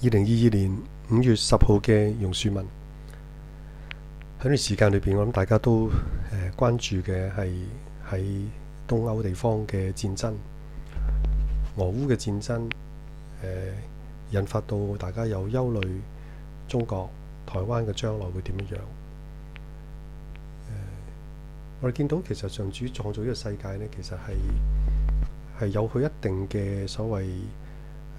二零二二年五月十號嘅榕樹文喺段時間裏邊，我諗大家都誒、呃、關注嘅係喺東歐地方嘅戰爭、俄烏嘅戰爭、呃、引發到大家有憂慮中國、台灣嘅將來會點樣樣？呃、我哋見到其實上主創造呢個世界呢，其實係係有佢一定嘅所謂誒、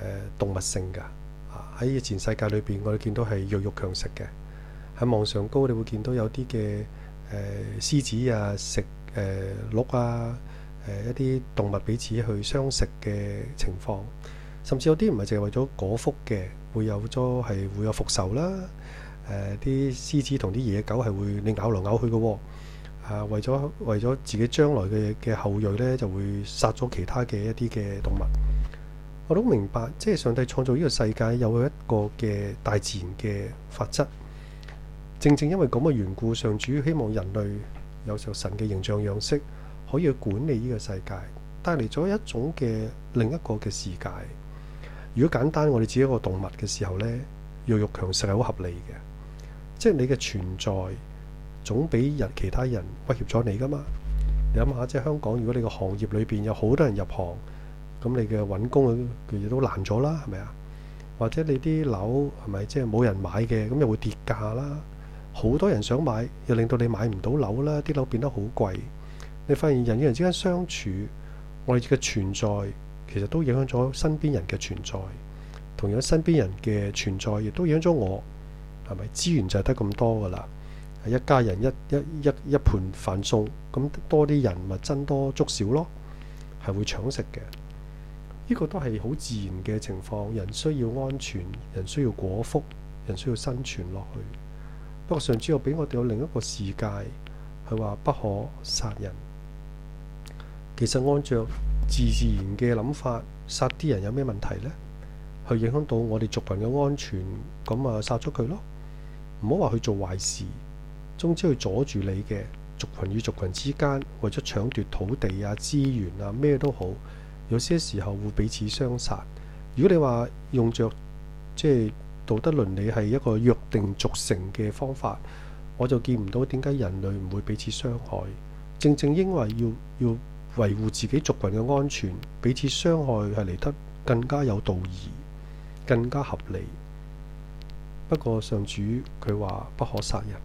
呃、動物性㗎。喺以前世界裏邊，我哋見到係弱肉強食嘅。喺網上高，你會見到有啲嘅誒獅子啊，食誒、呃、鹿啊，誒、呃、一啲動物彼此去相食嘅情況。甚至有啲唔係淨係為咗果腹嘅，會有咗係會有復仇啦。誒啲獅子同啲野狗係會你咬來咬去嘅喎、哦。啊，為咗為咗自己將來嘅嘅後裔呢，就會殺咗其他嘅一啲嘅動物。我都明白，即係上帝創造呢個世界有一個嘅大自然嘅法則。正正因為咁嘅緣故，上主要希望人類有受神嘅形象樣式可以去管理呢個世界，帶嚟咗一種嘅另一個嘅世界。如果簡單，我哋只係一個動物嘅時候呢，弱肉強食係好合理嘅，即係你嘅存在總比人其他人威脅咗你㗎嘛。你諗下，即係香港，如果你個行業裏邊有好多人入行。咁你嘅揾工，其實都難咗啦，係咪啊？或者你啲樓，係咪即係冇人買嘅？咁又會跌價啦。好多人想買，又令到你買唔到樓啦，啲樓變得好貴。你發現人與人之間相處，我哋嘅存在其實都影響咗身邊人嘅存在，同樣身邊人嘅存在亦都影響咗我，係咪資源就係得咁多㗎啦？係一家人一一一一盤飯餸，咁多啲人咪僧多粥少咯，係會搶食嘅。呢個都係好自然嘅情況，人需要安全，人需要果腹，人需要生存落去。不過上主又俾我哋有另一個世界，係話不可殺人。其實按照自自然嘅諗法，殺啲人有咩問題呢？去影響到我哋族群嘅安全，咁啊殺咗佢咯。唔好話去做壞事，總之要阻住你嘅族群與族群之間，為咗搶奪土地啊、資源啊，咩都好。有些時候會彼此相殺。如果你話用着即係道德倫理係一個約定俗成嘅方法，我就見唔到點解人類唔會彼此傷害。正正因為要要維護自己族群嘅安全，彼此傷害係嚟得更加有道義，更加合理。不過上主佢話不可殺人，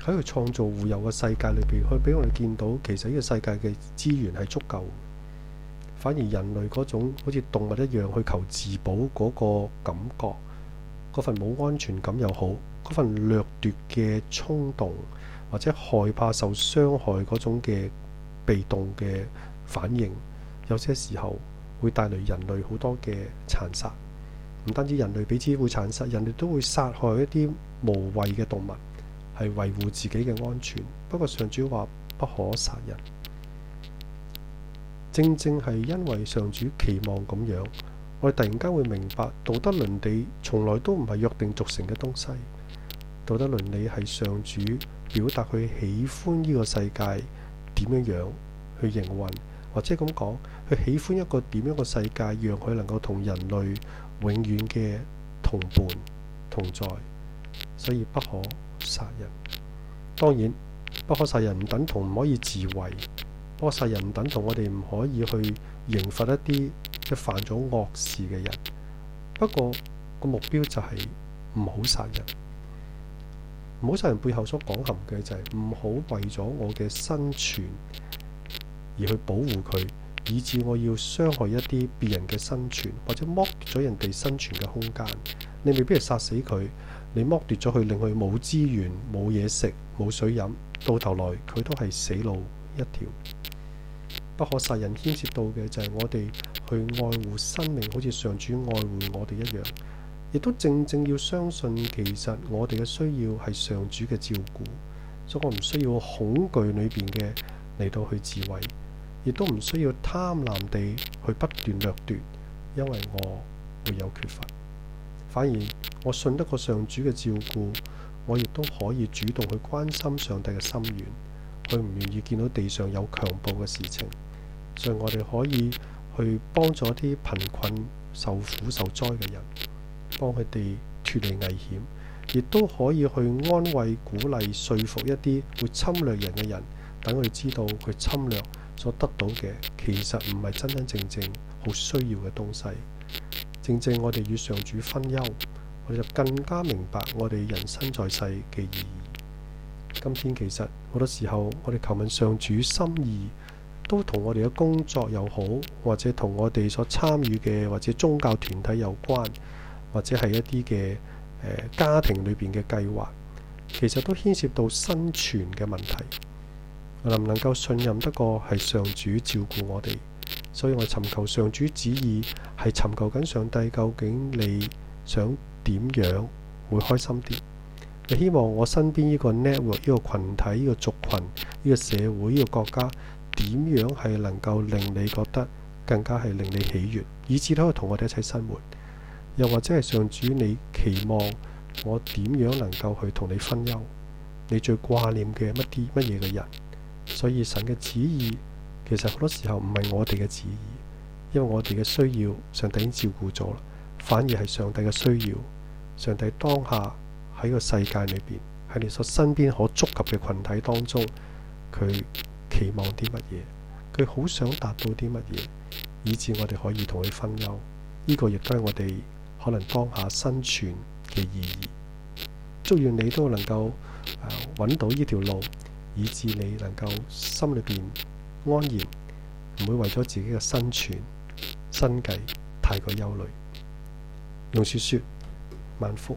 喺佢創造護佑嘅世界裏邊，佢俾我哋見到其實呢個世界嘅資源係足夠。反而人類嗰種好似動物一樣去求自保嗰個感覺，嗰份冇安全感又好，嗰份掠奪嘅衝動，或者害怕受傷害嗰種嘅被動嘅反應，有些時候會帶嚟人類好多嘅殘殺。唔單止人類彼此會殘殺，人哋都會殺害一啲無謂嘅動物，係維護自己嘅安全。不過上主話不可殺人。正正係因為上主期望咁樣，我哋突然間會明白道德倫理從來都唔係約定俗成嘅東西。道德倫理係上主表達佢喜歡呢個世界點樣樣去營運，或者咁講，佢喜歡一個點樣嘅世界，讓佢能夠同人類永遠嘅同伴同在，所以不可殺人。當然，不可殺人唔等同唔可以自衞。多殺人唔等同我哋唔可以去刑罰一啲即犯咗惡事嘅人。不過個目標就係唔好殺人。唔好殺人背後所講含嘅就係唔好為咗我嘅生存而去保護佢，以致我要傷害一啲別人嘅生存，或者剝奪咗人哋生存嘅空間。你未必係殺死佢，你剝奪咗佢，令佢冇資源、冇嘢食、冇水飲，到頭來佢都係死路一條。不可殺人牽涉到嘅就係我哋去愛護生命，好似上主愛護我哋一樣，亦都正正要相信其實我哋嘅需要係上主嘅照顧，所以我唔需要恐懼裏邊嘅嚟到去自毀，亦都唔需要貪婪地去不斷掠奪，因為我會有缺乏，反而我信得過上主嘅照顧，我亦都可以主動去關心上帝嘅心願。佢唔願意見到地上有強暴嘅事情，所以我哋可以去幫助啲貧困、受苦、受災嘅人，幫佢哋脫離危險，亦都可以去安慰、鼓勵、說服一啲會侵略人嘅人，等佢知道佢侵略所得到嘅其實唔係真真正正好需要嘅東西。正正我哋與上主分憂，我哋就更加明白我哋人生在世嘅意義。今天其實好多時候，我哋求問上主心意，都同我哋嘅工作又好，或者同我哋所參與嘅或者宗教團體有關，或者係一啲嘅誒家庭裏邊嘅計劃，其實都牽涉到生存嘅問題，能唔能夠信任得過係上主照顧我哋？所以我尋求上主旨意，係尋求緊上帝究竟你想點樣會開心啲？就希望我身邊呢個 network、呢個群體、呢個族群、呢個社會、呢個國家點樣係能夠令你覺得更加係令你喜悅，以至可以同我哋一齊生活。又或者係上主，你期望我點樣能夠去同你分憂？你最掛念嘅乜啲乜嘢嘅人？所以神嘅旨意其實好多時候唔係我哋嘅旨意，因為我哋嘅需要上帝已經照顧咗啦，反而係上帝嘅需要，上帝當下。喺個世界裏邊，喺你所身邊可觸及嘅群體當中，佢期望啲乜嘢？佢好想達到啲乜嘢？以致我哋可以同佢分憂。呢、這個亦都係我哋可能當下生存嘅意義。祝願你都能夠揾、呃、到呢條路，以致你能夠心裏邊安然，唔會為咗自己嘅生存生計太過憂慮。用說說萬福。